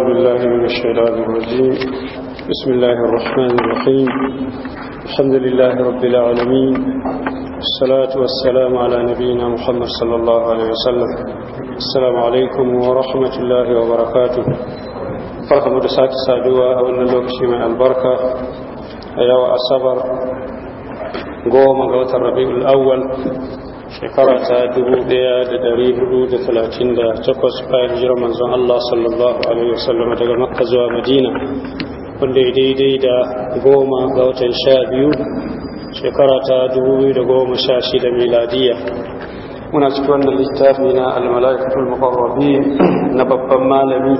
أعوذ بالله من الشيطان الرجيم بسم الله الرحمن الرحيم الحمد لله رب العالمين الصلاة والسلام على نبينا محمد صلى الله عليه وسلم السلام عليكم ورحمة الله وبركاته فرحمة رساك سادوا أن لوكشي من البركة أيها الصبر قوم قوة الربيع الأول shekara ta takwas bayan jiran manzon Allah sallallahu alaihi wasallam daga makka zuwa madina wanda ya daidai da goma ga watan sha biyu shekara ta 2016 miladiya muna cikin wannan littafi na almalaifatul muqarrabi na babban malami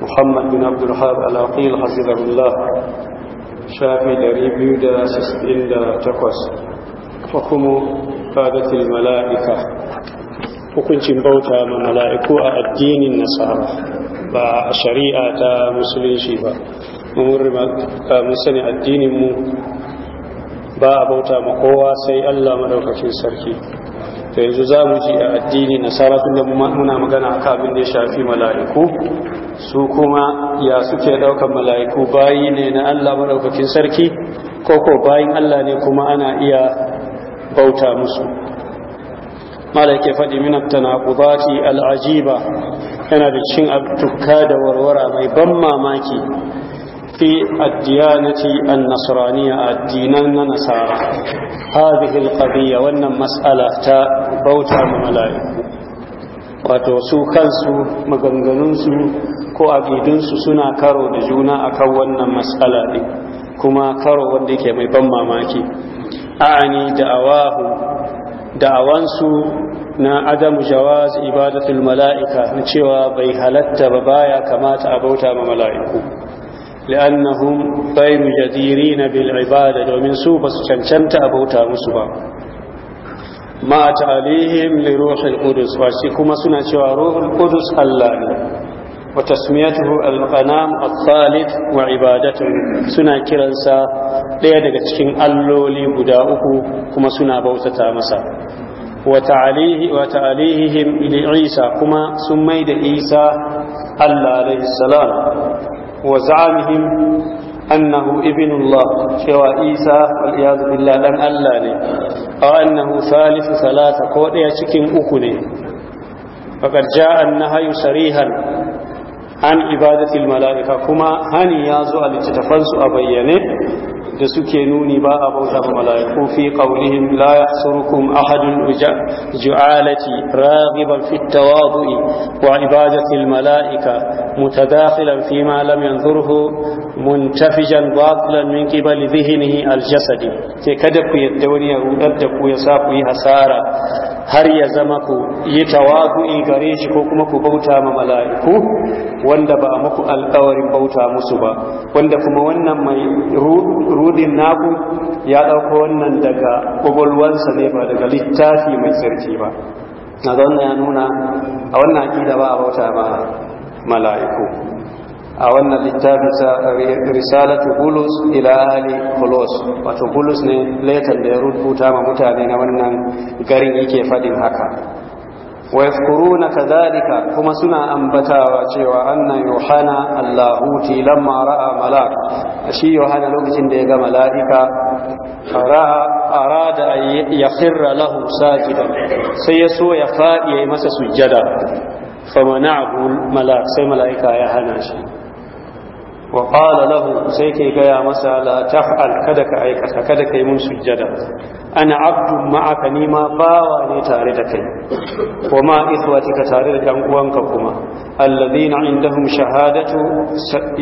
muhammad bin abdul hab alaqil hafizahullah shafi 268 kuma. al mala'ika hukuncin bauta ma mala'iku a addinin nasara ba a shari'a ta musulunci ba mun sani addininmu ba a bauta ma kowa sai Allah madaukakin sarki to yanzu za mu ji a addini nasara tun da muna magana akan abin da ya shafi mala'iku su kuma ya suke daukan mala'iku bayi ne na Allah madaukakin sarki koko ko bayin Allah ne kuma ana iya bauta musu mala ke faɗi minar tanaqudati al'ajiba yana da cin abtuka da warwara mai ban mamaki fi في الديانة النصرانية الدينان نصارى wannan القضية ta bauta mu بوتا ملائكة su kansu maganganunsu ko aƙidunsu suna karo da juna akan wannan mas'ala ne kuma karo wanda yake mai ban mamaki ani da'awahu da'awansu na adamu jawazi ibadatul mala'ika na cewa bai halatta ba baya kamata a bauta ma mala'iku li'annahum bayru jadirina bil ibada domin su basu cancanta a bauta musu ba ma ta'alihim li ruhul qudus wa kuma suna cewa ruhul qudus Allah ne وتسميته الغنام الثالث وعبادته suna kiransa ɗaya daga cikin alloli guda uku kuma suna bautata masa wata alihihim ili isa kuma sun mai da isa allah alaihi salam wa za'amihim annahu ibnullah cewa isa wal'iyazu billah dan allah ne a annahu salisu Salata, ko ɗaya cikin uku ne faƙar ja'an na hayu sarihan an ibadatul mala'ika kuma hani ya zo a su a bayyane da suke nuni ba a bauta ma mala'iku fi qawlihim la yahsurukum ahadun ju'alati raghiban fi tawadu'i wa ibadatil mala'ika mutadakhilan fi ma lam yanzurhu muntafijan batilan min qibali dhihnihi al jasadi sai kada ku yadda wani ya rudar da ku ya sa ku yi hasara har ya zama ku yi tawagu'i gare shi ko kuma ku bauta ma mala'iku wanda ba a muku alkawarin bauta musu ba wanda kuma wannan mai rudin naku ya ɗauko wannan daga ƙwaƙwalwansa ne ba daga littafi mai tsarki ba na zaune ya nuna a wannan akida ba a bauta ma mala'iku a wannan littafi ta risalatu hulus ila ahli hulus wato hulus ne letan da ya rubuta ma mutane na wannan garin yake fadin haka wa yadhkuruna kadhalika kuma suna ambatawa cewa anna yohana allahuti lamma ra'a malak shi yohana lokacin da ya ga mala'ika arada ya khirra lahu sajidan sai ya so ya fadi ya yi masa sujjada famana'ahu malak sai mala'ika ya hana shi wa lahu sai kai gaya masa la al kada ka aikata kada kai mun sujjada ana abdu ma'aka ni ma bawa ne tare da kai wa ma tare da yan uwanka kuma alladhina indahum shahadatu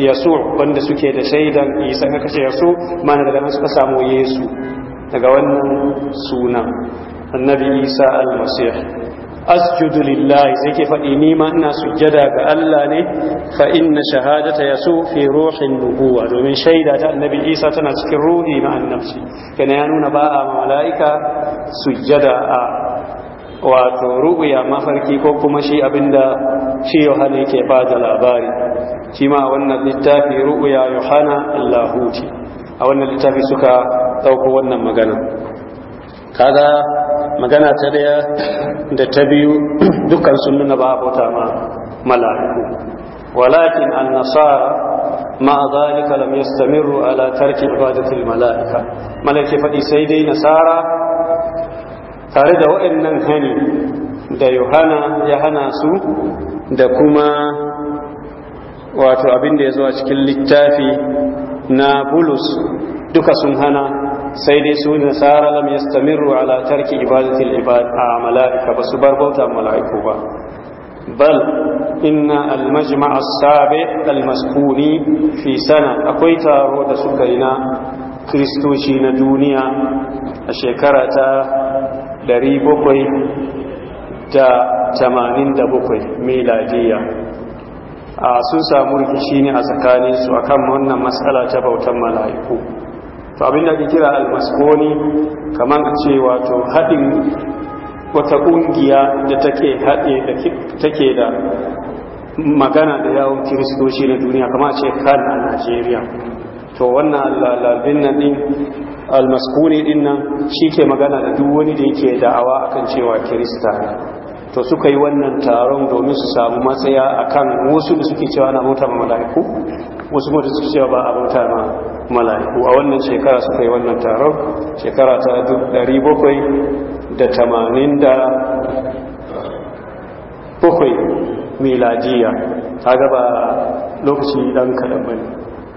yasu wanda suke da shaidan isa ka kace yasu mana daga nan suka samu yesu daga wannan suna annabi isa al-masih asjudu lillahi sai ke faɗi ni ma ina sujjada ga Allah ne fa inna shahadata yasu fi ruhin nubuwa domin shaida ta annabi Isa tana cikin ruhi na annabci kana ya nuna ba a mala'ika sujjada a wato ru'uya mafarki ko kuma shi abinda shi Yohana yake ba da labari shi ma wannan littafi ru'ya Yohana Allahuti a wannan littafi suka ɗauko wannan magana kaga magana ta daya da ta biyu dukkan sun nuna ba bauta ma mala'iku walakin annasara ma zalika lam yastamiru ala tarki ibadati mala'ika malaki fadi sai dai nasara tare da waɗannan hani da yohana ya hana su da kuma wato abin da ya zo a cikin littafi na bulus duka sun hana sai dai su tsara lam yastamiru ala tarki ibadati al-ibad malaika ba su bar bauta malaiku ba bal inna al-majma' as-sabi' al fi sana akwai taro da suka yi na kristoci na duniya a shekara ta 787 miladiya a sun samu rikici ne a tsakaninsu akan wannan matsala ta bautan mala'iku to abin da ke kira almaskoni kamar a ce wato haɗin wata ƙungiya da take haɗe da take da magana da yawon kiristoci na duniya kamar a ce kan a najeriya to wannan lalabin nan ɗin almaskuni ɗin nan shi ke magana da duk wani da yake da'awa akan cewa kirista to suka yi wannan taron domin su samu matsaya akan wasu da suke cewa na mutum ma mala'iku wasu mutum suke cewa ba a bauta ma mala'iku a wannan shekara suka yi wannan taron shekara ta 787 miladiya ta gaba lokaci dan kaɗan bane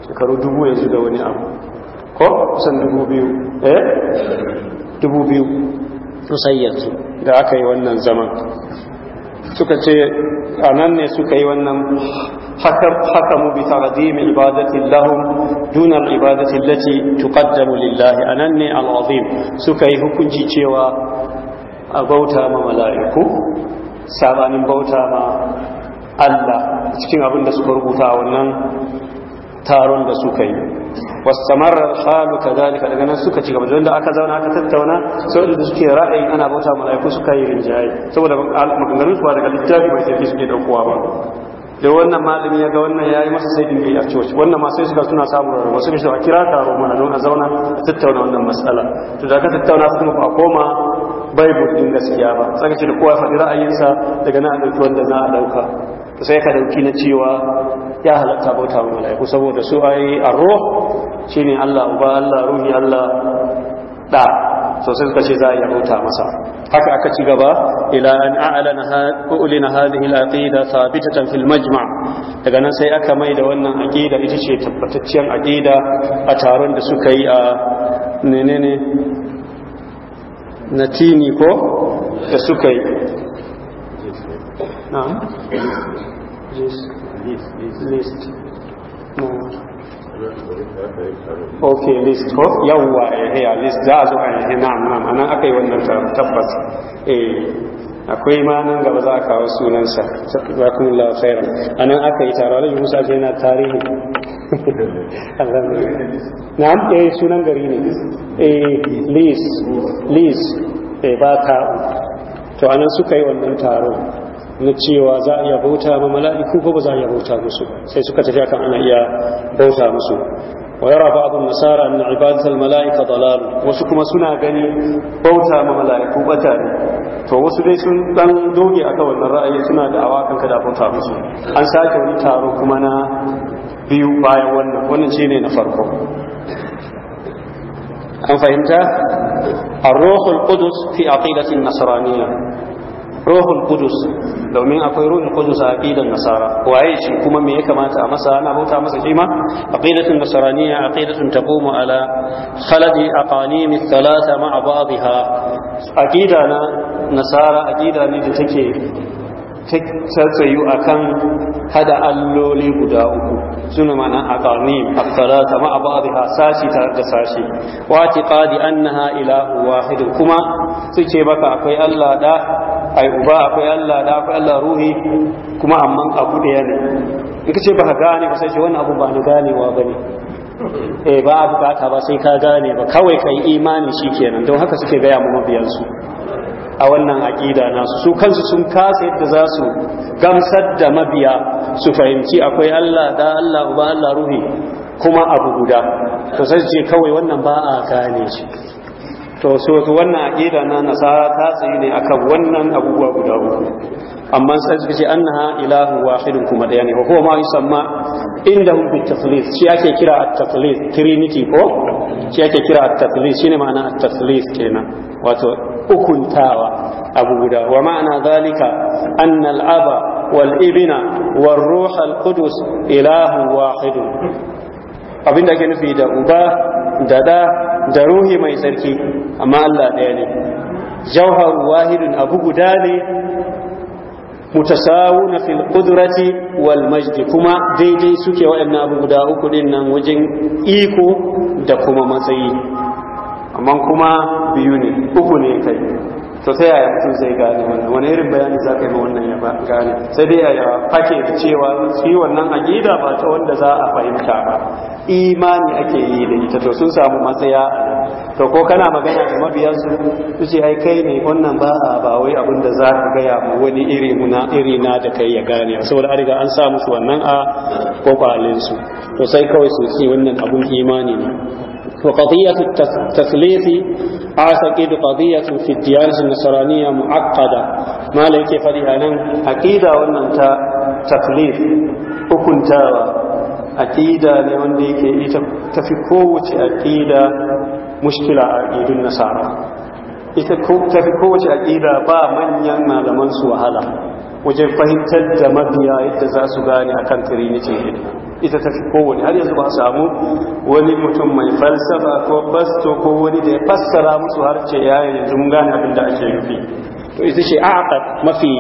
shekaru dubu yanzu da wani abu ko kusan dubu biyu eh dubu biyu sosai yanzu da aka yi wannan zaman suka ce a nan ne suka yi wannan hakamu bi ta'zimi ibadati lahum dun al ibadati allati tuqaddamu lillahi anan ne al azim suka yi hukunci cewa a bauta ma mala'iku sabanin bauta ma Allah cikin abin da suka rubuta wannan taron da suka yi wasamarar halu ka zalika daga nan suka ci gaba da aka zauna aka tattauna sau da suke ra'ayin ana bauta mala'iku suka yi rinjaye saboda maganganun su ba daga littafi bai sai suke ɗaukowa ba da wannan malami ya ga wannan ya yi masa sai dinga a coci wannan masu sai suka suna samun rarraba wasu bisa a kira taro mana don a zauna a tattauna wannan matsala to da ka tattauna su kuma ba koma baibul din gaskiya ba saka ce da kowa faɗi ra'ayinsa daga nan a ɗauki wanda za a ɗauka to sai ka ɗauki na cewa ya halatta bauta wa mala'iku saboda su ai arro shine Allah uba Allah ruhi Allah da so sai suka ce za a yi bauta masa haka aka ci gaba ila an a'lana ulina hadhihi al-aqida thabitatan fil majma' daga nan sai aka mai da wannan aqida ita ce tabbatacciyar aqida a taron da suka yi a ne natini ko da suka yi na'am list ok list ko yawwa haya eh, list za a zo a yi na'am a nan aka yi wannan tabbas eh, akwai ma nan gaba za a kawo sunansa jazakumullahu a nan aka yi taro da Musa sai na tarihi na'am eh sunan gari ne eh lis lis eh ba ta to a nan suka yi wannan taro na cewa za a iya bauta ma mala'iku ko ba za a iya bauta musu sai suka tafi akan ana iya bauta musu wa yara abin nasara na ibadatar mala'ika dalal wasu kuma suna gani bauta ma mala'iku bata ne to wasu dai sun dan doge aka wannan ra'ayi suna da kan kada bauta musu an sake wani taro kuma na biyu bayan wannan wannan ne na farko an fahimta الروح القدس في عقيدة Nasaraniya. ruhul Kudus domin akwai ruhul Kudus a aqidan nasara waye shi kuma me ya kamata a masa ana bauta masa shi ma aqidatun nasraniyya aqidatun taqumu ala khaladi aqanim thalatha ma'a ba'dha aqida na nasara aqida ne da take ta tsayu akan hada alloli guda uku suna mana aqanim as-salata ma'a ba'dha sashi ta da sashi wa tiqadi annaha ilahu wahid kuma suke baka akwai Allah da ai uba akwai Allah da akwai Allah ruhi kuma amma abu da yana in ka ce ba ka gane ba sai ce wannan abu ba ni ganewa ba ne eh ba a bukata ba sai ka gane ba kawai kai imani shi kenan don haka suke gaya mu mabiyansu a wannan aƙida nasu su kansu sun kasa yadda za su gamsar da mabiya su fahimci akwai Allah da Allah uba Allah ruhi kuma abu guda to sai ce kawai wannan ba a gane shi to so to wannan aqida na nasara ta tsaye ne akan wannan abubuwa guda uku amma sai suka ce annaha ilahu wahidun kuma daya ne wa huwa ma yusamma indahum bit taflis shi ake kira at-taflis trinity ko shi ake kira at-taflis shine ma'ana at-taflis kenan wato ukuntawa abu guda wa ma'ana zalika anna al-aba wal ibna war ruh al-qudus ilahu wahidun abinda ke nufi da uba da da da ruhi mai tsarki amma Allah ɗaya ne jauharu wahidun abu guda ne na fil kudurati wal majdi kuma daidai suke waɗannan abu guda uku din nan wajen iko da kuma matsayi amma kuma biyu ne uku ne kai to sai yaya mutum zai gane wannan wani irin bayani za ka yi wannan ya gane sai dai yaya fake da cewa shi wannan aƙida ba ta wanda za a fahimta ba imani ake yi da ita to sun samu matsaya to ko kana magana da mabiyansu su ce ai kai ne wannan ba a ba wai abin da za ka gaya mu wani iri na iri na da kai ya gane saboda an riga an sa musu wannan a su to sai kawai su ce wannan abun imani ne وقضية التثليث أعتقد قضية في الديانة النصرانية معقدة ما لك فريها لن أكيدا وأن أنت تثليث وكنت أكيدا لأن لك تفكوة أكيدا مشكلة أكيد النصارى تفكوة أكيد با من ينمى لمن سوى هلا وجب فهمت الدمبيا إتزاس غاني أكان ترينتي هلا ita ta fi kowane har yanzu ba samu wani mutum mai falsafa ko basto ko wani da ya fassara musu har ce ya yanzu mun gane abin da ake nufi to ita ce aqab mafi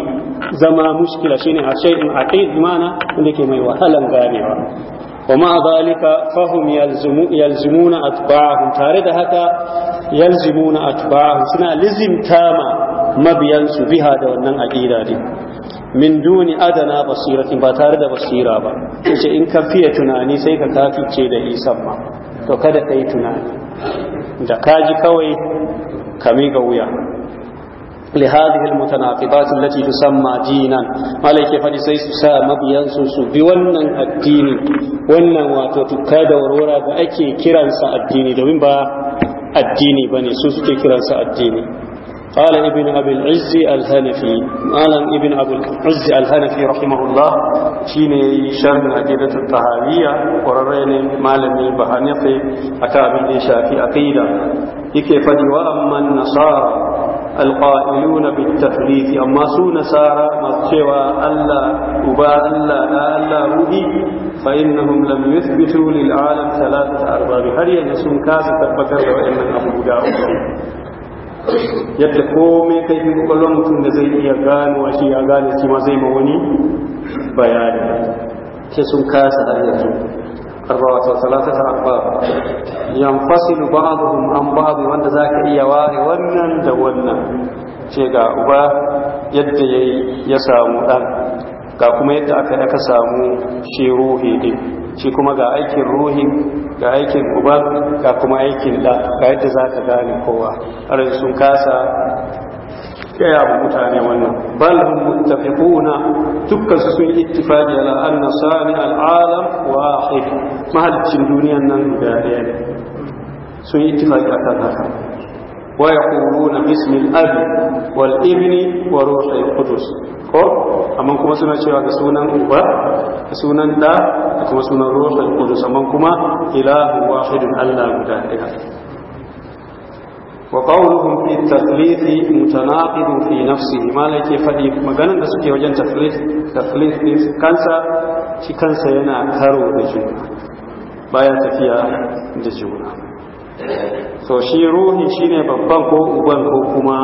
zama mushkila shine a shay'in aqid mana wanda ke mai wahalan ganewa wa fahim Yalzimu fahum yalzimuna atba'ahum tare da haka yalzimuna atba'ahum suna lizimtama mabiyansu biha da wannan aqida din min duni adana basiratin ba tare da basira ba ce in ka fiye tunani sai ka kafice da isan ma to kada ka yi tunani da kaji kawai ka miƙa wuya لهذه المتناقضات التي تسمى دينا عليك فدي سا مبيان su bi wannan addini wannan wato tukka da warwara da ake kiransa addini domin ba addini bane su suke kiransa addini قال ابن أبي العز الهنفي قال ابن أبي العز الهنفي رحمه الله شيني شرح عقيدة الطهارية وررين مالني بهنفي أكابل شافي عقيدة يكي فدي وأما النصارى alqa'iluna bit tahrif amma su nasara masu cewa Allah uba Allah da Allah ruhi fa innahum lam yuthbitu lil alam thalathata arbab har yanzu sun kasa tabbatar da wayannan abu guda uku yadda komai kai fi kwakwalwar mutum da zai iya gano shi ya gane shi ma zai ma wani bayani sai sun kasa har yanzu arba'a wa salatata arba'a yanfasilu ba'dhum an ba'd wanda za ka iya ware wannan da wannan ce ga uba yadda yayi ya samu dan ga kuma yadda aka yi aka samu shi ruhi din shi kuma ga aikin ruhi ga aikin uba ga kuma aikin da ga yadda zaka gane kowa har sun kasa gaya wa mutane wannan bal hum muttafiquna dukkan su sun ittifaqi ala anna sani al'alam wahid mahalicin duniyan nan guda daya ne sun ittifaqi akan haka wa yaquluna bismil abi wal ibni wa ruhil qudus ko amma kuma suna cewa da sunan uba da sunan da da kuma sunan ruhul qudus amma kuma ilahu wahidun allah guda ɗaya وقولهم في التثليث متناقض في نفسه ما لك فدي مغانا da suke wajen taflith taflith din kansa shi kansa yana karo da juna baya tafiya da juna so shi ruhi shine babban ko uban ko kuma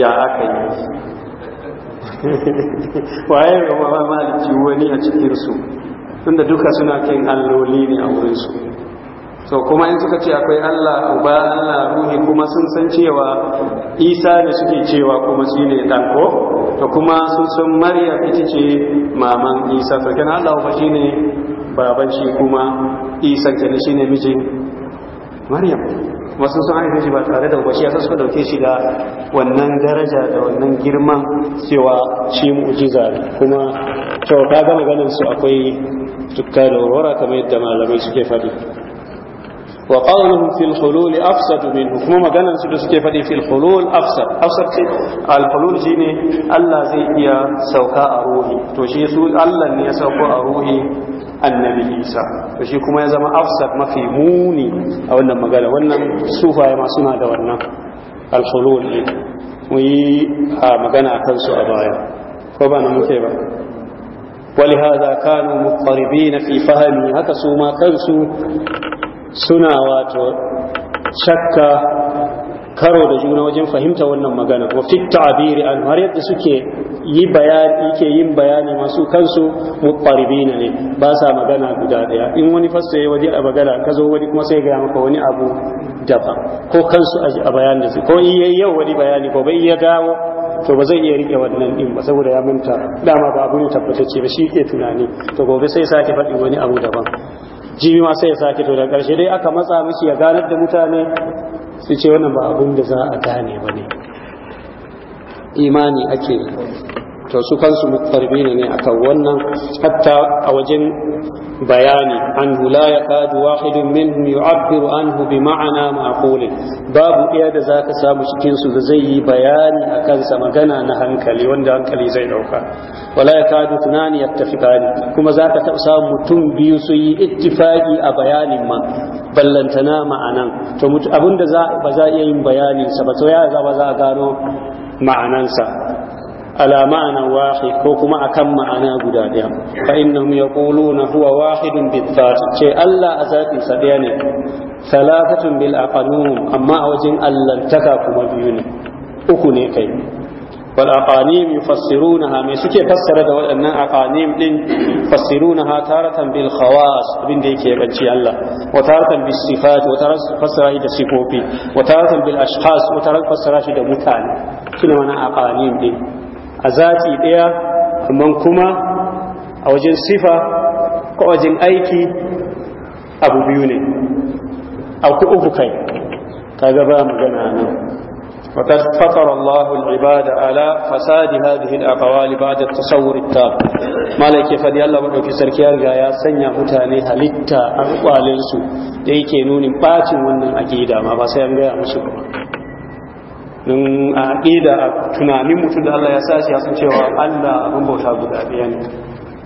ya aka yi waye ga maliki wani a cikin su tunda duka suna kin alloli ne a wurin su so kuma in suka ce akwai Allah uba Allah ruhi kuma sun san cewa Isa ne suke cewa kuma shi ne dan ko to kuma sun san Maryam ita ce maman Isa to kenan Allah uba shine baban shi kuma Isa kenan shine mijin Maryam wasu sun haife shi ba tare da uba shi yasa suka dauke shi da wannan daraja da wannan girman cewa shi mu'jiza kuma to kaga maganar su akwai tukka da aurora kamar yadda malamai suke faɗi wa qawluhum fil hulul kuma maganar su da suke faɗi fil hulul afsad afsad ce al hulul shine Allah zai iya sauka a ruhi to shi Allah ne ya sauko a ruhi annabi Isa to shi kuma ya zama afsad mafi muni a wannan magana wannan sufaye ma suna da wannan al hulul a magana akan su a baya ko ba na muke ba ولهذا كانوا مضطربين في فهمي هكا سوما كنسو suna wato shakka karo da juna wajen fahimta wannan magana ko. fit ta'biri an har yadda suke yi bayani yake yin bayani masu kansu muqaribina ne ba sa magana guda daya in wani fassara waje a magana ka zo wani kuma sai ga maka wani abu daban ko kansu a bayani da su ko iya yau wani bayani ko bai ya dawo to ba zai iya rike wannan din ba saboda ya manta dama ba abu ne tabbatacce ba shi ke tunani to gobe sai sake faɗi wani abu daban jibi ma sai ya sake to da karshe dai aka matsa mashi ya ganar da mutane su ce wannan ba abin da za a gane ba ne imani ake to su kansu mutarbina ne kan wannan hatta a wajen bayani an la yaqadu wahidun minhum yu'abbiru anhu bi ma'ana ma'qul babu iya da zaka samu cikin su da zai yi bayani akan sa magana na hankali wanda hankali zai dauka wala yakadu tunani yattafiqani kuma zaka taɓa samu mutum biyu su yi ittifaqi a bayanin ma ballantana ma'anan to abinda za ba za iya yin bayanin sa ba to ya za ba za a gano ma'anansa ala ma'ana wahid ko kuma akan ma'ana guda daya fa innahum yaquluna huwa wahidun bi dhati ce Allah a zatin sa daya ne salatatun bil aqanum amma a wajen allantaka kuma biyu ne uku ne kai wal aqanim yufassirunaha me suke fassara da waɗannan aqanim din fassirunaha taratan bil khawas abin da yake bacci Allah wa taratan bis sifat wa taratan fassara da sifofi wa taratan bil ashkhas wa taratan fassara da mutane shine wannan aqanim din a zaƙi ɗaya kuma kuma a wajen sifa ko wajen aiki abu biyu ne a ku uku kai ta gaba magana na fatar Allah ul riba ala fasadi na da hin a ta saurita ma da yake ɗauki sarki ya riga ya sanya mutane halitta a ƙwalinsu da yake nuni ɓacin wannan ake yi dama ba sai yan gaya musu ba in a ƙida tunanin mutum da Allah ya sashi ya san cewa Allah abin bauta guda ɗaya ne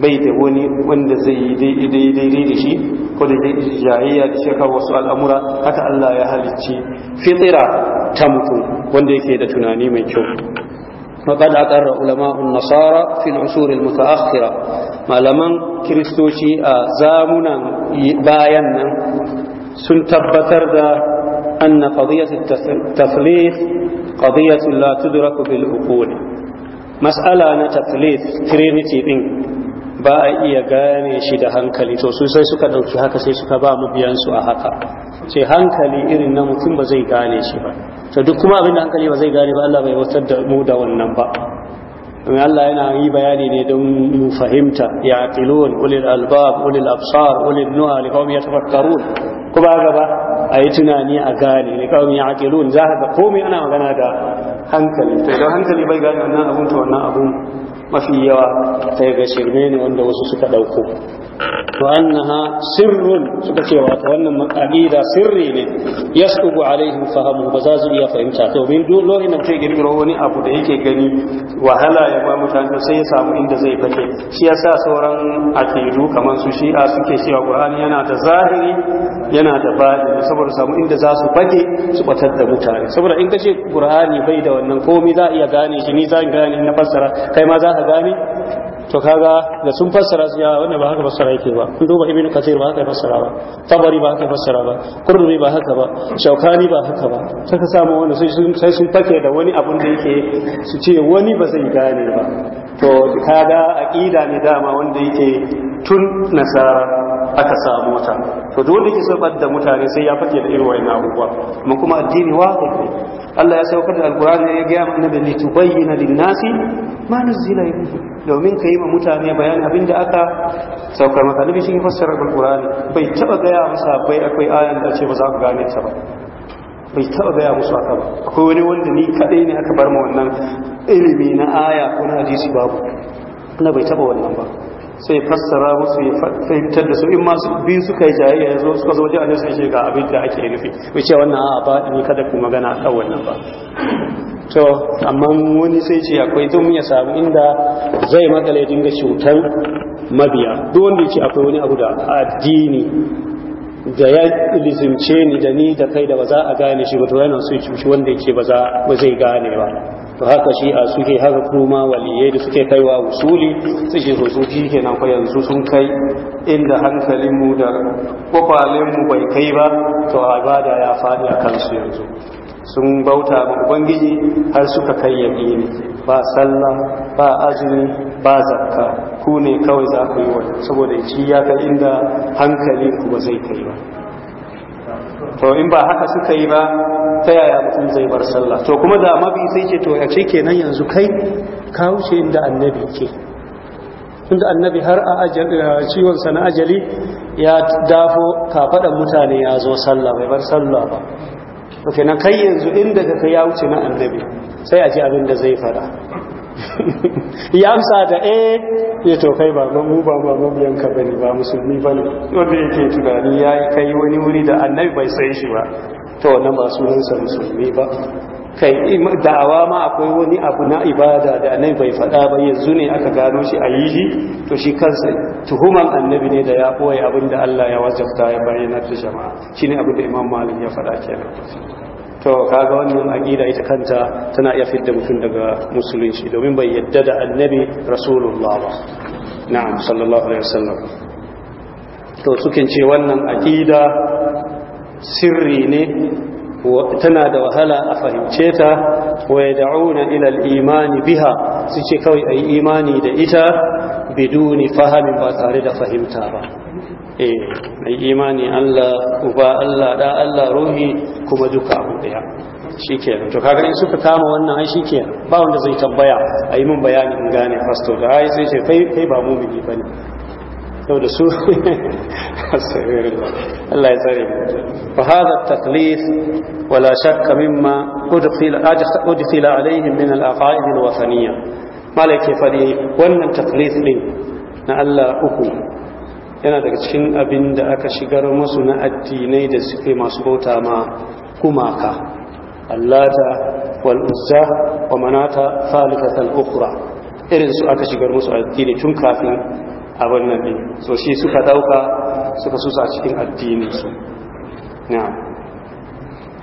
bai da wani wanda zai yi daidai da shi ko da zai jayayya da shekar wasu al'amura haka Allah ya halicci fitira ta mutum wanda yake da tunani mai kyau وقد أقر علماء النصارى في العصور المتأخرة malaman kiristoci a zamunan bayan nan sun tabbatar da anna qadiyat at qadiyatu la tudraku bil uqul mas'ala na taklif trinity din ba a iya gane shi da hankali to su sai suka dauki haka sai suka ba mu biyan su a haka ce hankali irin na mutum ba zai gane shi ba to duk kuma abin da hankali ba zai gane ba Allah bai wasar da mu da wannan ba in Allah yana yi bayani ne don mu fahimta ya qilun ulil albab ulil absar ulil nuha liqawmi yatafakkarun kuma gaba Ayi yi tunani a gane ne kawai ya aqilun za ka komai ana magana da hankali to idan hankali bai gane wannan abun to wannan abun mafi yawa ta yaga shirme ne wanda wasu suka ɗauko to annaha sirrun suka ce wato wannan makabida sirri ne yasubu alaihim fahamu ba za su iya fahimta domin duk lokacin da mutum girgiro wani abu da yake gani wahala ya ba mutane sai ya samu inda zai fake shi yasa sauran akidu kaman su shi'a suke cewa qur'ani yana da zahiri yana da baɗi saboda samu inda za su fake su batar da mutane saboda in kace qur'ani bai da wannan komai za a iya gane shi ni zan gane na fassara kai ma za ka a gani to kaga da sun fassara su ya wannan ba haka fassara yake ba kun duba ibnu kathir ba haka fassara ba tabari ba haka fassara ba qurri ba haka ba shaukani ba haka ba sai ka samu wanda sai sun sai sun fake da wani abun da yake su ce wani ba zai gane ba to kaga aqida ne dama wanda yake tun nasara aka samu ta to dole ki sabar da mutane sai ya fake da irin wayannan abubuwa mun kuma addini wa ne Allah ya saukar da alqur'ani ya ga da ni tubayyana lin-nasi ma nuzila ilayhi domin kai ma mutane bayan abin da aka saukar maka nabi shi fassara alqur'ani bai taba ga ya musa bai akwai ayan da ce ba za ku gane ta ba bai taba gaya musu ka ba akwai wani wanda ni kadai ne aka bar ma wannan ilimi na aya ko na hadisi babu na bai taba wannan ba sai fassara musu ya fahimtar da su in masu biyu suka yi jayayya ya zo suka zo wajen annabi sai ga abin da ake nufi wuce wannan a ba ni kada ku magana a kan wannan ba to amma wani sai ce akwai don ya samu inda zai makale dinga cutar mabiya duk wanda ce akwai wani abu da addini da ya lizimce ni da ni da kai da ba za a gane shi ba to yana so cuci wanda yake ba za ba zai gane ba to haka shi a suke haka kuma waliyai da suke kaiwa usuli suke so su shi kenan ko yanzu sun kai inda hankalinmu da mu bai kai ba to ibada ya faɗi a kansu yanzu sun bauta ma ubangiji har suka kai yaƙini ba sallah ba azumi ba zakka ku ne kawai za ku yi wa saboda ci ya kai inda hankali ba zai kai ba to in ba haka suka yi ba ta yaya mutum zai bar sallah to kuma da mabi sai ce to ya ce kenan yanzu kai ka wuce inda annabi ke inda annabi har a ciwon sa na ajali ya dafo kafaɗan mutane ya zo sallah bai bar sallah ba to kenan kai yanzu inda ka ya wuce na annabi sai a ji abin da zai fada ya amsa da eh ya to kai ba mu ba ba mu ka bane ba musulmi bane wanda yake tunani yayi kai wani wuri da annabi bai sai shi ba ta wannan ba sunansa musulmi ba kai da'awa ma akwai wani abu na ibada da annabi bai faɗa ba yanzu ne aka gano shi a yi shi to shi kansa tuhuman annabi ne da ya koya abin da Allah ya wajabta ya bayyana da jama'a shine abin da Imam Malik ya faɗa kenan to kaga wannan aqida ita kanta tana iya fidda mutum daga musulunci domin bai yadda da annabi rasulullah ba na'am sallallahu alaihi wasallam to sukin ce wannan aqida sirri ne tana da wahala a fahimce ta wa ya da'una ilal imani biha su ce kawai a yi imani da ita biduni fahamin ba tare da fahimta ba eh mai imani Allah uba Allah da Allah ruhi kuma duka abu daya shikenan to kaga in suka kama wannan ai shikenan ba wanda zai tambaya a yi min bayani in gane fasto da ai sai ce kai kai ba mumini bane saboda su Allah ya tsare fa hadha at-taklif wala shakka mimma udkhila alaihim min al-aqaid al-wathaniyya Malaki fadi wannan taklif din na Allah uku yana daga cikin abin da aka shigar musu na addinai da suke masu bauta ma gumaka allata wal uzza wa manata thalithatan ukhra irin su aka shigar musu addini tun kafin abin nan ne so shi suka dauka suka susa a cikin addininsu na'am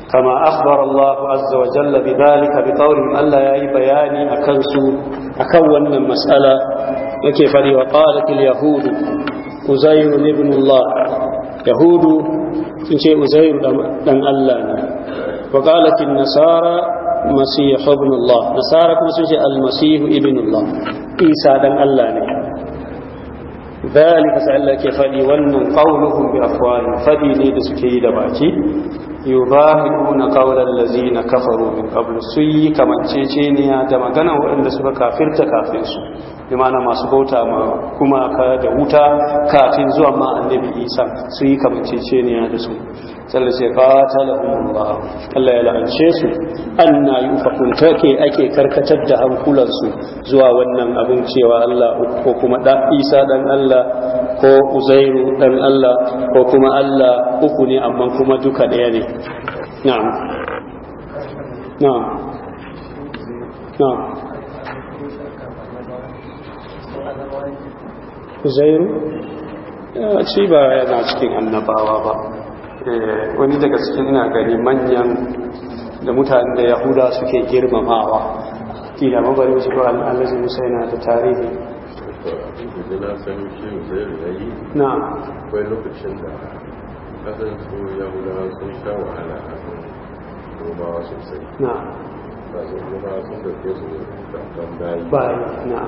kama akhbar Allah azza wa jalla bi dalika bi qawlin Allah yayi bayani akan su akan wannan mas'ala yake fari wa qalat al yahud uzayr ibn Allah yahudu sun ce uzayr dan Allah ne wa qalat an nasara masih ibn Allah nasara kuma sun ce al masih ibn Allah isa dan Allah ne zalika sai Allah ke faɗi wannan qauluhum bi afwahi faɗi ne da suke yi da baki yuzahiruna qawla allazina kafaru min kamancece suyi kamanceceniya da magana waɗanda suka kafirta kafin su imana masu bauta ma kuma ka da wuta kafin zuwa ma annabi isa su yi kamanceceniya da su sallu sai qatalahumullah Allah ya la'ance su anna yufakun take ake karkatar da hankulansu zuwa wannan abin cewa Allah ko kuma da Isa dan Allah ko Uzairu dan Allah ko kuma Allah uku ne amma kuma duka daya ne na'am na'am na'am ya ci eh, ba yana cikin annabawa ba eh, wani daga cikin ina gani manyan da mutane da yahuda suke girmamawa kila mabari wasu ko alhaji musa yana da tarihi na akwai lokacin da kasan su yahuda sun sha wahala a kan romawa sosai na ba su romawa sun dauke su da bayi na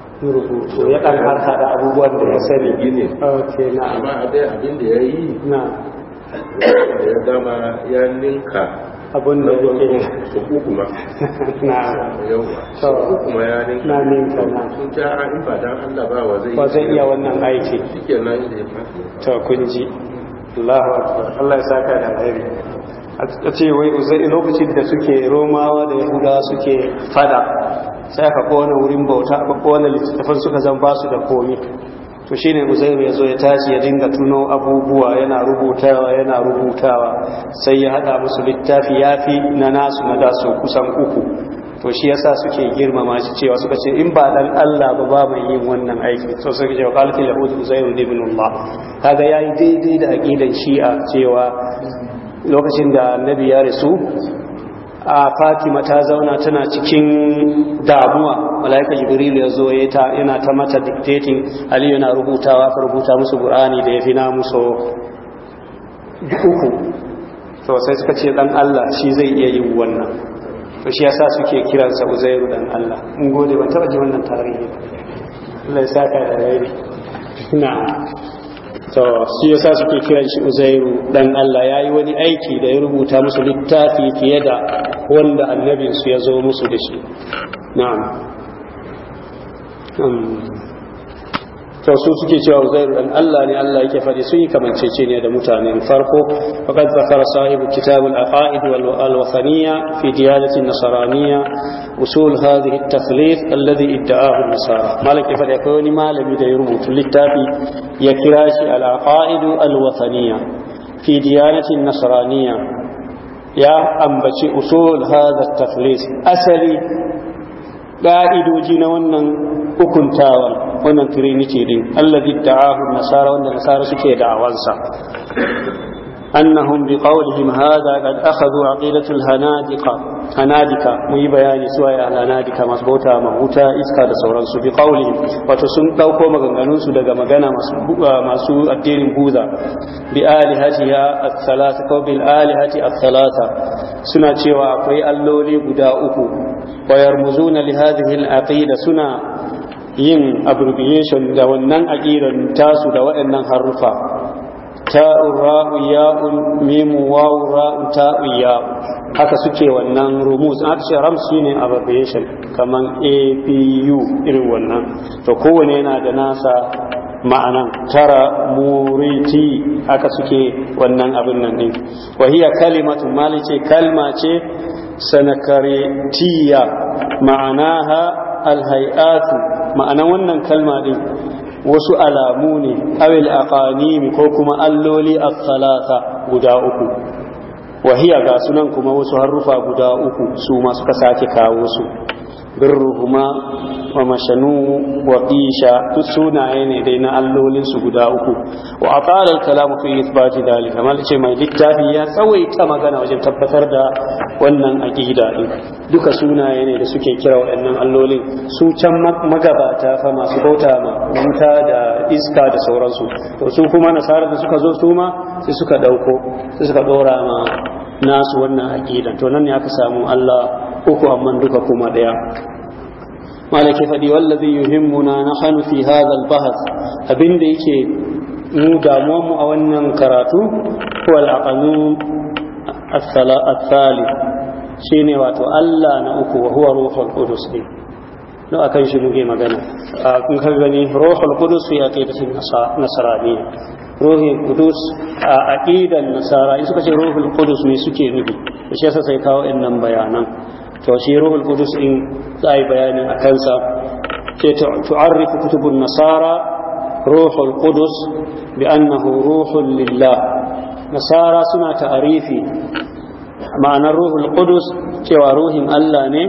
rubutu ya abubuwan da ya sani gini ok na amma abin da ya yi na ya dama ya ninka abin da ya na ya ninka na ninka na sun ta a in ba wa zai iya wannan aiki shikenan da ya to kun ji Allahu akbar Allah ya saka da alheri a ce wai uzai lokacin da suke romawa da suke fada sai ka kona wurin bauta ba kowane littattafan suka zan ba su da komi to shi ne uzairu ya zo ya tashi ya dinga tuno abubuwa yana rubutawa yana rubutawa sai ya haɗa musu littafi ya fi na nasu na dasu kusan uku to shi ya sa suke girmama shi cewa suka ce in ba dan Allah ba ba mai yin wannan aiki sai suka ce qalatil yahud uzairu ibn Allah kaga yayi daidai da aqidan shi'a cewa lokacin da annabi ya rasu a fatima ta zauna tana cikin damuwa mala'ika jibril ya zo yana ta mata dictating aliyu na rubutawa ka rubuta musu qur'ani da ya fi na musu uku to sai suka ce dan allah shi zai iya yin wannan to shi yasa suke kiransa uzairu dan allah mun gode ban taba ji wannan tarihi Allah ya saka da rai na'am to shi yasa suke kiran shi uzairu dan Allah yayi wani aiki da ya rubuta musu littafi fiye da wanda annabinsu ya zo musu da shi na'am to su suke cewa uzairu dan Allah ne Allah yake faɗi sun yi kamancece ne da mutanen farko faqad zakara sahibu kitab al-aqaid wal al-wathaniyya fi diyalati an-nasraniyya usul hadhihi at-tathlith alladhi idda'ahu nasara malik ya faɗi akwai wani malami da ya rubuta littafi ya kira shi al-aqaid al-wathaniyya fi diyanati an ya ambaci usul hadha at-tathlith asali ƙa'idoji na wannan hukuntawar wannan trinity din allazi ta'ahu nasara wanda nasara suke da'awansa annahum biqawlihim hadha qad akhadhu aqidatul hanadiqa anadika mu yi bayani su waye anadika masu bauta ma huta, iska da sauransu bi qauli wato sun dauko maganganun daga magana masu ah, masu addinin buza bi ya as-salasa ko bil alihati as-salasa suna cewa akwai alloli guda uku wayar muzuna li hadhihi al-aqida suna yin abbreviation da wannan aqidan tasu da waɗannan harufa ta'un ra'un ya'un mimu wawun ra'un ta'un ya'un haka suke wannan rumus an ce ram shine abbreviation kaman apu irin wannan to kowane yana da nasa ma'anan tara muriti haka suke wannan abin nan din wa hiya kalimatu malice kalma ce tiya ma'anaha alhayatu ma'anan wannan kalma din wasu alamu ne awil aqanimi ko kuma alloli as-salasa guda uku wahiya ga sunan kuma wasu harufa guda uku su ma suka sake kawo su birruhuma wa mashanu wa qisha duk sunaye ne dai na allolin su guda uku wa atala al-kalamu fi ithbati dalika mal ce mai littafi ya tsawaita magana wajen tabbatar da wannan aqida din duka sunaye ne da suke kira waɗannan allolin su can magabata fa masu bauta ma wuta da iska da sauransu to su kuma nasara da suka zo su ma sai suka dauko sai suka dora ma nasu wannan aqidan to nan ne aka samu Allah uku amma duka kuma daya malaki fadi wallazi yuhimmuna nahnu fi hadha al-bahth abinda yake mu damuwa mu a wannan karatu wal aqanu sali shine wato Allah na uku wa huwa ruhul qudus din no akan shi muke magana kun ka gani ruhul qudus ya kai da nasarani ruhin kudus a aqidan nasara in suka ce ruhul kudus me suke nufi to shi yasa sai kawo nan bayanan to shi ruhul kudus in za yi bayanin a kansa ce tu'arrifu kutubun nasara ruhul kudus bi annahu ruhul lillah nasara suna ta'arifi ma'anar ruhul kudus cewa ruhin Allah ne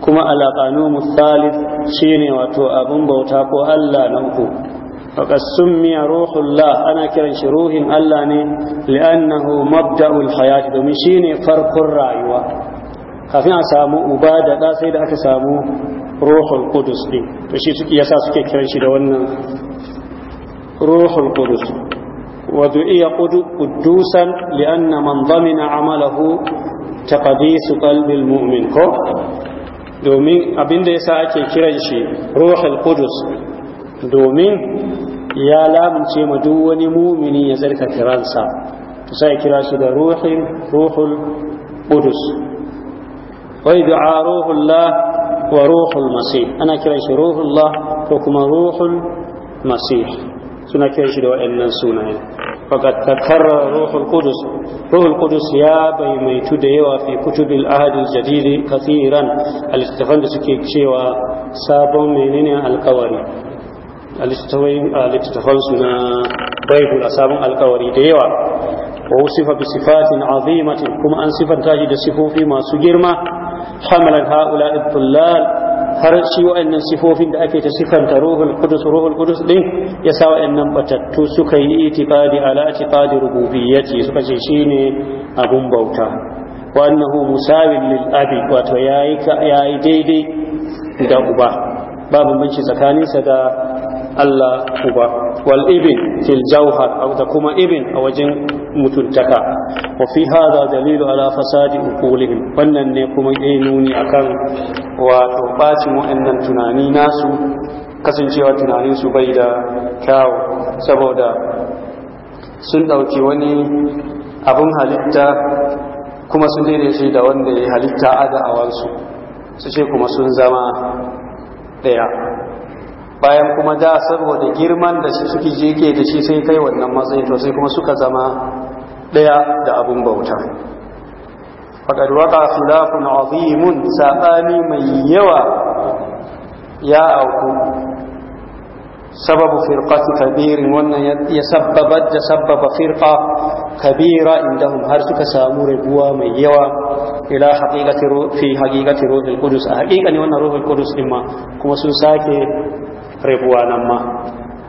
kuma alaƙanu musalif shine wato abin bauta ko Allah na uku faqad summiya ruhullah ana kiran shi ruhin Allah ne li'annahu mabda'ul hayat domin shine farkon rayuwa kafin a samu uba da ɗa sai da aka samu ruhul Kudus ɗin to shi suke yasa suke kiran shi da wannan ruhul qudus wa du'iya qudusan li'anna man dhamina amalahu taqdisu qalbil mu'min ko domin abinda yasa ake kiran shi ruhul Kudus. domin ya lamunce ma duk wani mumini ya zarka kiransa sai kira shi da ruhin ruhul qudus wa du'a ruhullah wa ruhul masih ana kiran shi ruhullah ko kuma ruhul masih suna kiran shi da waɗannan sunaye فقد تكرر روح القدس روح القدس يا بي ميتو ديوا في كتب العهد الجديد كثيرا الاستفان suke cewa sabon منين القواري a littattafansu na baibul a sabon alkawari da yawa wa sifa bi sifatin kuma an sifanta shi da sifofi masu girma hamalan haula ibtullal har shi wa'annan sifofin da ake ta sifanta ruhul qudus ruhul qudus din ya sa wa'annan batattu suka yi itiqadi ala itiqadi rububiyyati suka ce shine abun bauta wa annahu musawin lil abi wato yayi yayi daidai da uba babu banci tsakaninsa da Allah uba wal ibn fil jawhar da kuma ibn a wajen mutuntaka wa fi hada dalilu ala fasadi qulihim wannan ne kuma yayi nuni akan wato bacin wa'annan tunani nasu kasancewa tunanin su bai da kyau. saboda sun dauki wani abun halitta kuma sun daidai shi da wanda ya halitta a da'awarsu su ce kuma sun zama ɗaya bayan kuma da saboda girman da shi suke jike da shi sai kai wannan matsayin to sai kuma suka zama daya da abun bauta faqad waqa khilafun azimun sa'ani mai yawa ya auku sababu firqati kabir wannan ya sabbaba da sabbaba firqa kabira indahum har suka samu rabuwa mai yawa ila haqiqati fi haqiqati ruhul qudus a haqiqani wannan ruhul qudus din ma kuma sun sake rabuwa nan ma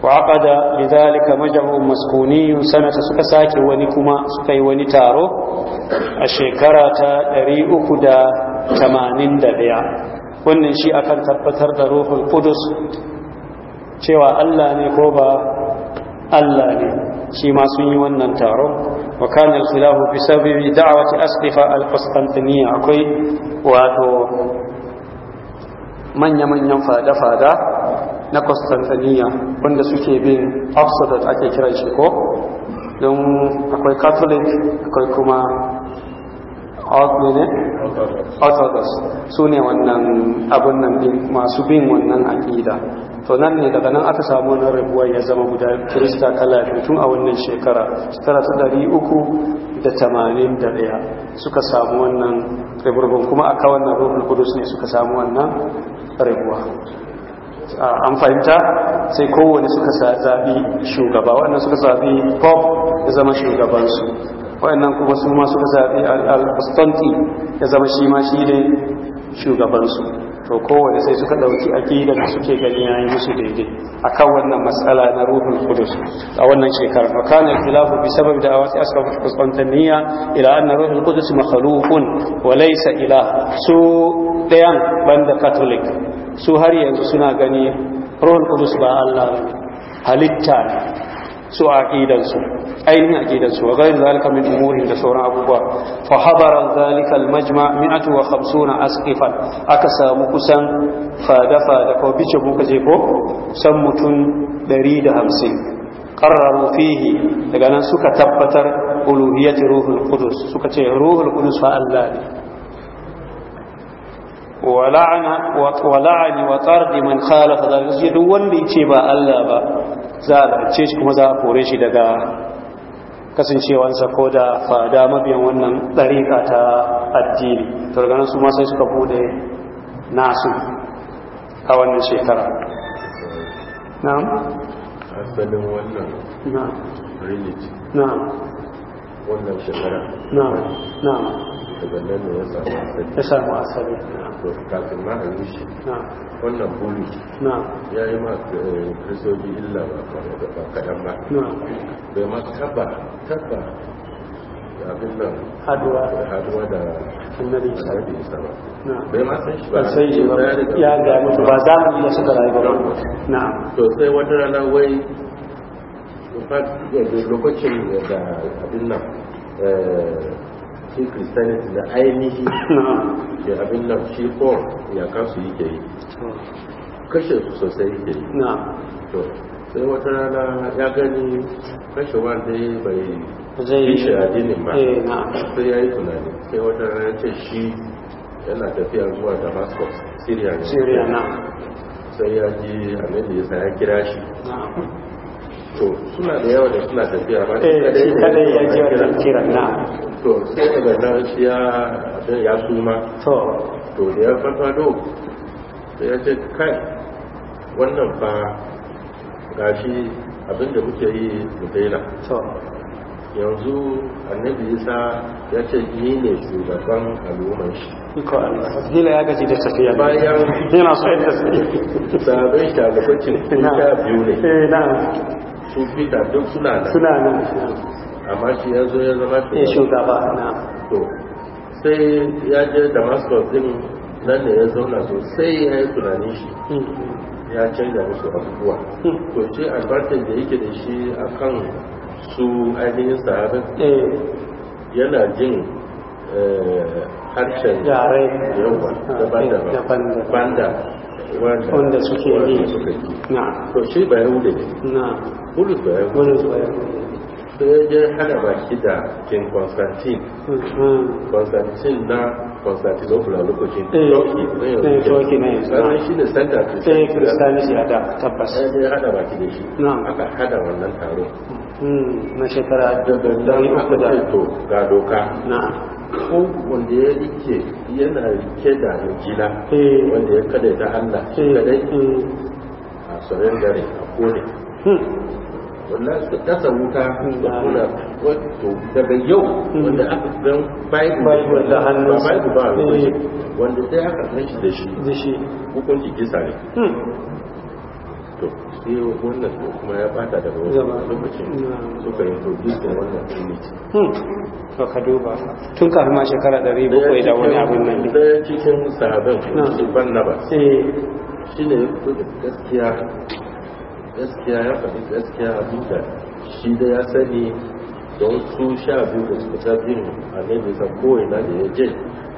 wa aqada lidhalika majma'un maskuni sanata suka sake wani kuma suka yi wani taro a shekara ta 381 wannan shi akan tabbatar da ruhul qudus cewa Allah ne ko ba Allah ne shi ma sun yi wannan taro وكان الخلاف بسبب دعوة أسقف القسطنطينية أكوي وأتو من يمن ينفى na Constantinia wanda suke bin Oxford ake kira shi ko akwai Catholic akwai kuma Orthodox orthodox su ne wannan abin nan masu bin wannan aƙida to nan ne daga nan aka samu wani rabuwa ya zama guda kirista kala biyu tun a wannan shekara shekara uku da tamanin da ɗaya suka samu wannan rabuwa kuma a wannan rabuwar kudus ne suka samu wannan rabuwa an fahimta sai kowane suka zaɓi shugaba wannan suka zaɓi pop ya zama shugabansu waɗannan kuma su masu zabi a al-bustanti ya zama shi ma shi ne shugabansu to kowane sai suka ɗauki aƙidar da suke gani yi musu daidai akan wannan matsala na ruhun kudus a wannan shekarar wa kana al-khilafu bi sababi da awasi aska al-bustantiyya ila na ruhun kudus makhluqun wa laysa ila su dayan banda katolik, su har yanzu suna gani ruhun kudus ba Allah halitta ne su a aqidansu ainihin aqidansu wa ghayr zalika min umurin da sauran abubuwa fa hadara zalika al majma 150 asqifan aka samu kusan fada fada ko bice muka kaje ko san mutum 150 qarraru fihi daga nan suka tabbatar uluhiyyat ruhul qudus suka ce ruhul qudus fa Allah ne ولعن وطرد من خالف ذلك duk wanda yace ba Allah ba za a ce shi kuma za a kore shi daga kasancewansa ko da fada mabiyan wannan ɗariƙa ta addini to su ma sai suka bude nasu a wannan shekara na'am asalin wannan na'am na'am wannan shekara na'am na'am daga nan ya samu asali ya samu asali to kafin ma a yi shi na'am wannan boli ya yi ma eh, kristoji illa ba kaɗan ba bai ma taba taba abin nan haduwa da annabi isa ba bai ma sai shi ba sai shi ba ya ga mutu ba za mu iya da rayu ba na to sai wata rana wai lokacin da abin nan eh, sai christianity da ainihi da abin nan shi ko ya kasu yi ke yi kashe su sosai yi ke yi to sai wata rana ya gani kashe wanda bai yi shi addinin ba eh, sai ya yi tunani sai wata rana ce shi yana tafiya zuwa damascus syria na sai ya ji annabi ya ya kira shi to suna da yawa da suna tafiya ba shi eh, kadai ya ji wannan kiran na to sai daga nan shi ya ya suma to to da ya farfado sai ya ce kai wannan fa gashi abinda muke yi mu daina yanzu annabi isa ya ce ni ne shugaban al'ummar shi iko Allah hila ya gaji da tafiya bayan yana so ya tafiya sabon shagabacin kun sha biyu ne eh, su fita duk suna nan suna nan amma shi ya zo ya zama shugaba na to sai ya je damascus din nan da ya zauna sai ya yi tunanin shi hmm. ya canza musu abubuwa hmm. to shi albarkin da yake da shi akan su ainihin sahabin eh. yana jin eh, harshen yare yawa ah, daban-daban banda wanda suke yi na. to shi bayan wuli ne bulus bayan wuli sai ya hana baki da kin constantine hmm. constantine na constantinople lokacin turki eh, eh, na yanzu sannan shi ne santa kristianity a da tabbas eh, sai ya hana baki da shi na aka hada wannan taro hmm, na shekara da dandan uku da to ga doka na ko wanda ya rike yana rike da rikila wanda ya kada ta hannu shi dai a gare a kone hmm. wannan su kasa wuta kuna wato daga yau wanda aka gan bible da hannu ba bible ba eh. wanda sai aka san shi da shi da shi hukunci kisa ne hmm. to sai wannan to kuma ya bata daga wannan lokacin hmm. ka yi introduce da wannan unit hmm. to ka duba tun kafin ma shekara 700 da wani abin nan da cikin sahabban shi ban na ba eh. shi ne gaskiya gaskiya ya faɗi gaskiya a duka shi da ya sani ya wasu sha biyu da suka sa biyu a ne bisa kowai na da ya je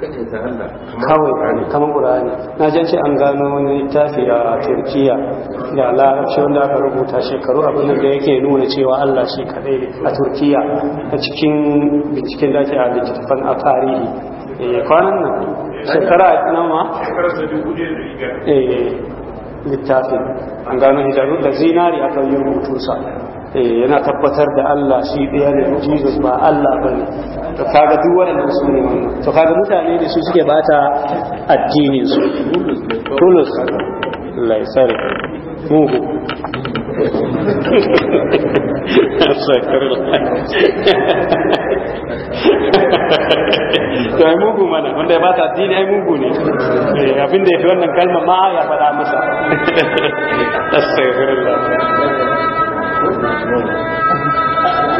kawai kamar ƙur'ani na jan ce an gano wani littafi a turkiya da larabci wanda aka rubuta shekaru abin da yake nuna cewa allah shi kadai a turkiya a cikin binciken da ake a littattafan a tarihi eh, kwanan nan shekara nan ma eh, littafin an gano hijabu da zinari aka yi rubutunsa Eh, yana tabbatar da Allah shi ɗaya ne Jesus ba Allah ba ne to kaga duk waɗannan su ne wannan to kaga mutane ne su suke bata addinin su tulus Allah ya sare muhu to ai mugu mana wanda ya bata addini ai mugu ne eh, abinda ya fi wannan kalma ma ya faɗa masa astaghfirullah 我我我。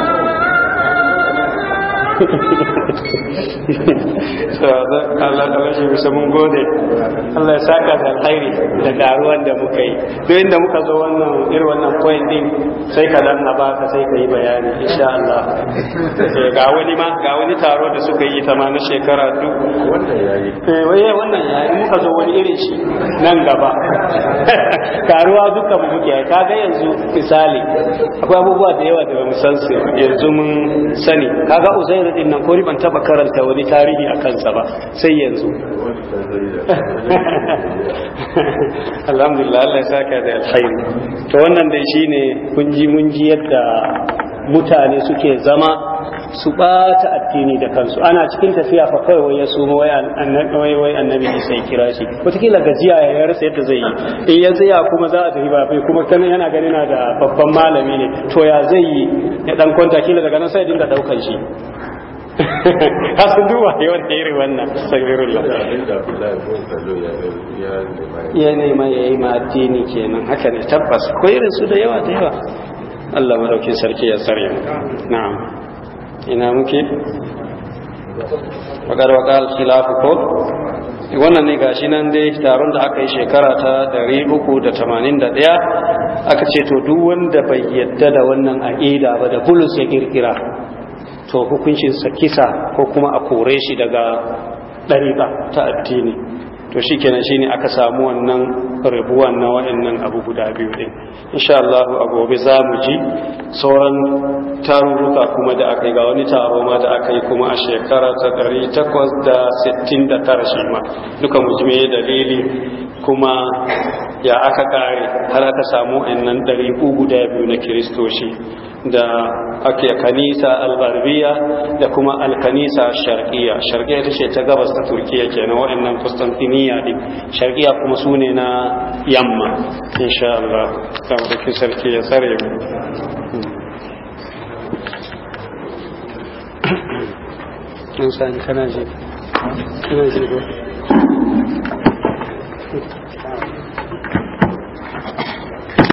Allah ta washe bisa mun gode Allah ya saka da alkhairi da daruwan da muka yi to inda muka zo wannan irin wannan point din sai ka dan na baka sai ka yi bayani insha Allah ga wani ma ga wani taro da suka yi ta ma na shekara duk wannan yayi eh waye eh, wannan yayi muka zo wani irin shi nan gaba karuwa duka mu muke ka ga yanzu misali akwai abubuwa da yawa da mu san su yanzu mun sani kaga uzair Awad nan ko ni ban taba karanta wani tarihi a kansa ba sai yanzu alhamdulillah Allah ya saka da alkhairi to wannan dai shine kun ji mun ji yadda mutane suke zama su bata addini da kansu ana cikin tafiya fa kai su ya annabi wai waye annabi sai kira shi wataƙila gajiya ya rasa yadda zai yi in eh, ya tsaya kuma za a tafi ba kuma kana yana ganin da babban malami ne to ya zai yi ya dan kwanta kila daga nan sai dinga daukan shi kasu duwa yawan wanda iri wannan sagirullah ya nema ya yi ke kenan haka ne tabbas ko irin su da yawa da yawa Allah madaukin sarki ya sarya na'am ina muke wakar wakar khilafu ko wannan ne gashi nan dai taron da aka yi shekara ta 381 aka ce to duk wanda bai yadda da wannan aqida ba da bulus ya kirkira to hukuncinsa kisa ko kuma a kore shi daga ɗariƙa ta addini to shi kenan shi ne aka samu wannan rabuwan na waɗannan abu guda biyu ɗin insha Allah a gobe za mu ji sauran tarurruka kuma da aka yi ga wani taro ma da aka yi kuma a shekara ta ɗari takwas da sittin da tara shi ma duka mu ji meye dalili kuma ya aka kare har aka samu ɗannan ɗari guda biyu na kiristoci da ake kanisa albarbiya da kuma alkanisa shar'iyya shar'iyya ta ce ta gabas ta turkiya kenan wa'annan kustantini shamsiya din sharqiya kuma sune na yamma insha Allah kamar da kin sarki ya tsare mu san kana ji kana ji